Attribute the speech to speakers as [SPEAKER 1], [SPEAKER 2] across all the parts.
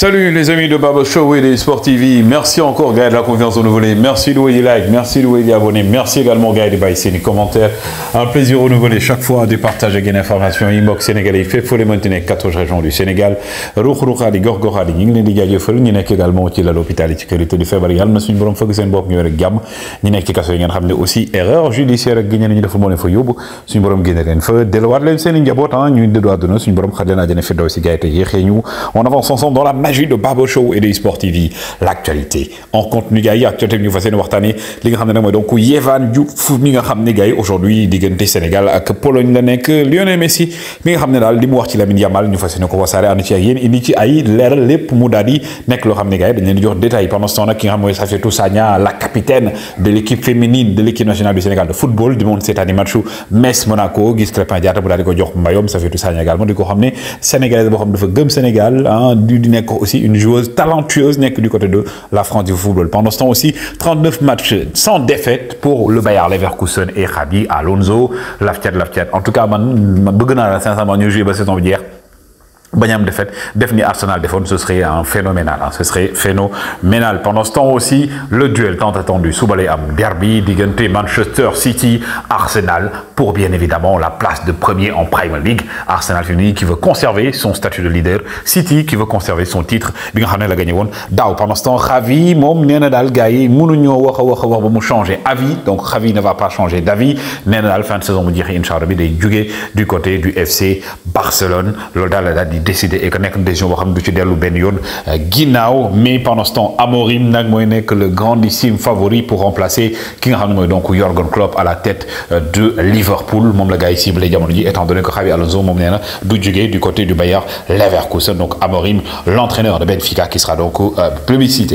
[SPEAKER 1] Salut les amis de Baba Show et des Sport TV. Merci encore Gaël de la confiance renouvelée. Merci de des merci de des abonnés. Merci également Gaël de baisser les commentaires. Un plaisir renouvelé chaque fois de partager des informations. Inbox sénégalais, fait folle maintenir 14 régions du Sénégal. Rouk Roukali, Gorgorali, Ninglen de Gaïofel, Ninek également au à l'hôpital et sécurité de février. Monsieur Brom Fogsen Bob Nuer Gam, Ninek Kassoyen Ramne aussi. Erreur judiciaire, Guinée de Fumon et Foyoub, Sun Brom Guinée Feu, Delawar Lensen, Yabotan, Nuit de Dois de Nos, Sun Brom Khadena Jennifer Dois et Gaël et On avance ensemble dans la magie de Babo Show et de Sport TV l'actualité en contenu gars yi actualité bi ñu fas yéene Les li nga donc Yevan Diouf mi nga xam aujourd'hui diggante Sénégal Que Pologne la que Lionel Messi Mais nga xam ne la li mu wax ci Lamine Yamal ñu fas yéene ko wasaare ànd ci ak yéen indi ci ay leeral lépp mu détail pendant ce temps là qui nga sa mooy tout Sagna la capitaine de l'équipe féminine de l'équipe nationale du Sénégal de football du monde, cette année, matchu Metz Monaco gis Krépin Diatta mu daal di ko jox mbayom Safietou Sagna également di ko xam ne sénégalaise boo Sénégal ah, Du di aussi une joueuse talentueuse n'est que du côté de la France du football. Pendant ce temps aussi, 39 matchs sans défaite pour le Bayard Leverkusen et Rabi Alonso. Laftiat, Laftiat. En tout cas, je suis Banyam défaite, défini Arsenal défaut, ce serait un phénoménal, hein, ce serait phénoménal. Pendant ce temps aussi, le duel tant attendu, Soubalé à Derby, diganté Manchester City, Arsenal, pour bien évidemment la place de premier en Premier League. Arsenal Fini qui veut conserver son statut de leader, City qui veut conserver son titre, Binghanel a gagné one. Dao, pendant ce temps, Javi, Mom, Nenadal, Gaï, Mounounio, Waka, changer avis, donc Javi ne va pas changer d'avis. Nenadal, fin de saison, dirait, dire, Inch'Arabi, des du côté du FC Barcelone, Loda, dit décédé et que nekk une décision de xam de mais pendant ce temps Amorim nag que le grandissime favori pour remplacer King donc Jürgen Klopp à la tête euh, de Liverpool même la gars ici, étant donné que Javi Alonso moom du côté du Bayer Leverkusen donc Amorim l'entraîneur de Benfica qui sera donc euh, publicité.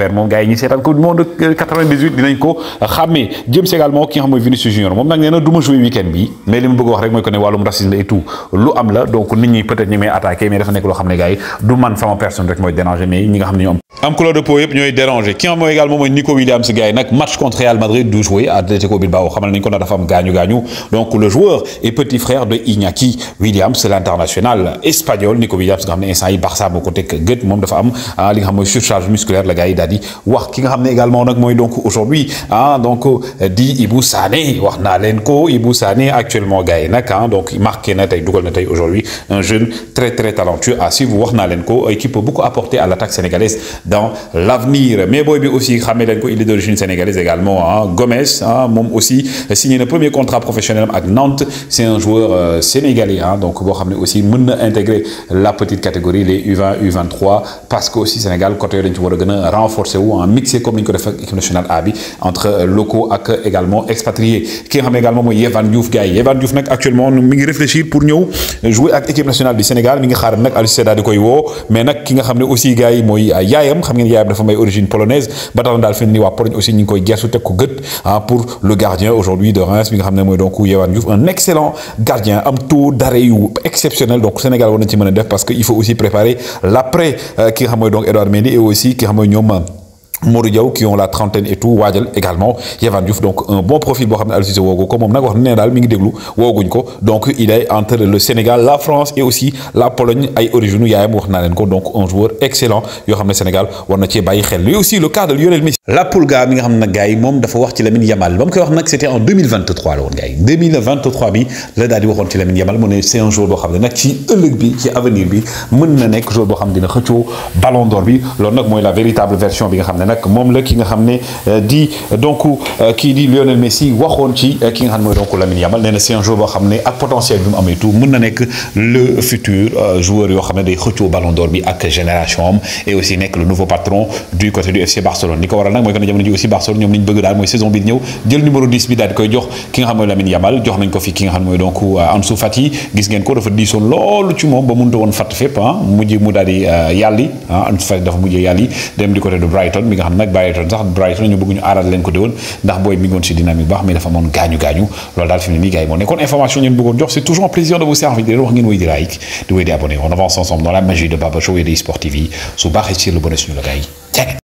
[SPEAKER 1] travers moom gars yi ñu seetaan ko monde 98 euh, dinañ ko xamé jëm si également ki xam moy Vinicius Junior mom nak néna na du weekend bi mais limu bëgg wax rek moy kone walum racisme et tout lu am la donc nit ñi peut être ñi may attaquer mais dafa nek lo xamné gaay du man sama personne rek moy déranger mais ñi nga xam ne am am couleur de peau yëpp ñooy déranger ki nga xam mooy également mooy Nico Williams gaay nak match contre Real Madrid du joué Atletico Bilbao xamal nañ ko na dafa am gañu gañu donc le joueur est petit frère de Iñaki Williams l'international espagnol Nico Williams nga xam ne yi Barça moo ko teg gët moom dafa am ah, li nga xam moy surcharge musculaire la gaay daal wax également donc aujourd'hui ah, donc euh, dit Ibou Sané wax actuellement gay ah, donc marqué na tay aujourd'hui un jeune très très talentueux à suivre wax et qui peut beaucoup apporter à l'attaque sénégalaise dans l'avenir mais boy bi aussi xamé il est d'origine sénégalaise également hein ah, Gomez hein aussi signé le premier contrat professionnel à Nantes c'est un joueur euh, sénégalais hein donc bo aussi mën la petite catégorie les U20 U23 parce que aussi Sénégal côté dañ renforcer wu en mixé comme une équipe nationale A bi entre euh, locaux et également expatriés Qui nga également Moye Yehvan Diouf Gay yi Diouf nak actuellement mi ngi réfléchir pour nous euh, jouer avec équipe nationale du Sénégal mi ngi xaar nag Aliou Cissé daal mais nak ki nga xamné aussi gay Moye euh, yayam yaayam xam ngeen yaayam dafa may origine polonaise ba tax na daal fi mu ne nii aussi ni koy gersu teg ko gët ah, pour le gardien aujourd'hui de Reims mi xamné xam donc Yehvan Diouf un excellent gardien am tour d'arrêt exceptionnel donc Sénégal war ci mën def parce que il faut aussi préparer l'après ki nga donc Edouard Mendy et aussi ki nga ñom Modou qui ont la trentaine et tout waajal également Yehvan Diouf donc un bon profit boo xam ne Aliou ko moom nag wax na ne mi ngi déglu wooguñ ko donc il est entre le Sénégal la France et aussi la Pologne ay origine yaayam wax naa leen ko donc un joueur excellent yoo xam Sénégal war na cee bàyyi xel lui aussi le cas de Lionel Messi la mi nga xam ne nag gars yi moom dafa wax ci Lamine Yamal ba mu wax nag c'était en 2023 la woon gars 2023 bi le daal di waxoon ci Lamine Yamal mu ne c'est un joueur boo xam ne nag ci ëllëg bi ci avenir bi mën na nekk jour boo xam ne dina ballon d'or bi loolu nag mooy la véritable version bi nga xam ne nag moom la ki nga xam euh, di euh, donc qui euh, dit Lionel Messi waxoon ci ki nga xam donc Lamine Yamal nee c'est un joueur boo xam ne ak potentiel bi mu amee tout mën na nekk le futur joueur yoo xam ne day xëccoo ballon d'or bi ak génération am et aussi nekk le nouveau patron du côté du FC Barcelone li ko nag mooy que ne jamono aussi Barcelone ñom niñ bëgg daal moy saison bi di ñëw jël numéro 10 bi daal di koy jox ki nga xam moy Lamine Yamal jox nañ ko fi ki nga xam moy donc euh, Ansu Fati gis ngeen ko dafa diisoon loolu ci mom ba mënta woon fatt fépp ah mujj mu daal di euh, yàlli ah Ansu Fati dafa mujjee yàlli dem di côté de Brighton mi nga xam nak Brighton sax Brighton ñu bëgg ñu aaral leen ko di won ndax boy mi ngon ci dynamique baax mais dafa mon gañu gañu loolu daal fi mu ne mo nekkon yi moo nekkoon information ñeen bëggoon jox c'est toujours un plaisir de vous servir di leen wax ngeen way di like de way di abonner on avance ensemble dans la magie de Baba Show et de sport TV su baaxee ci le bonheur suñu la gars yi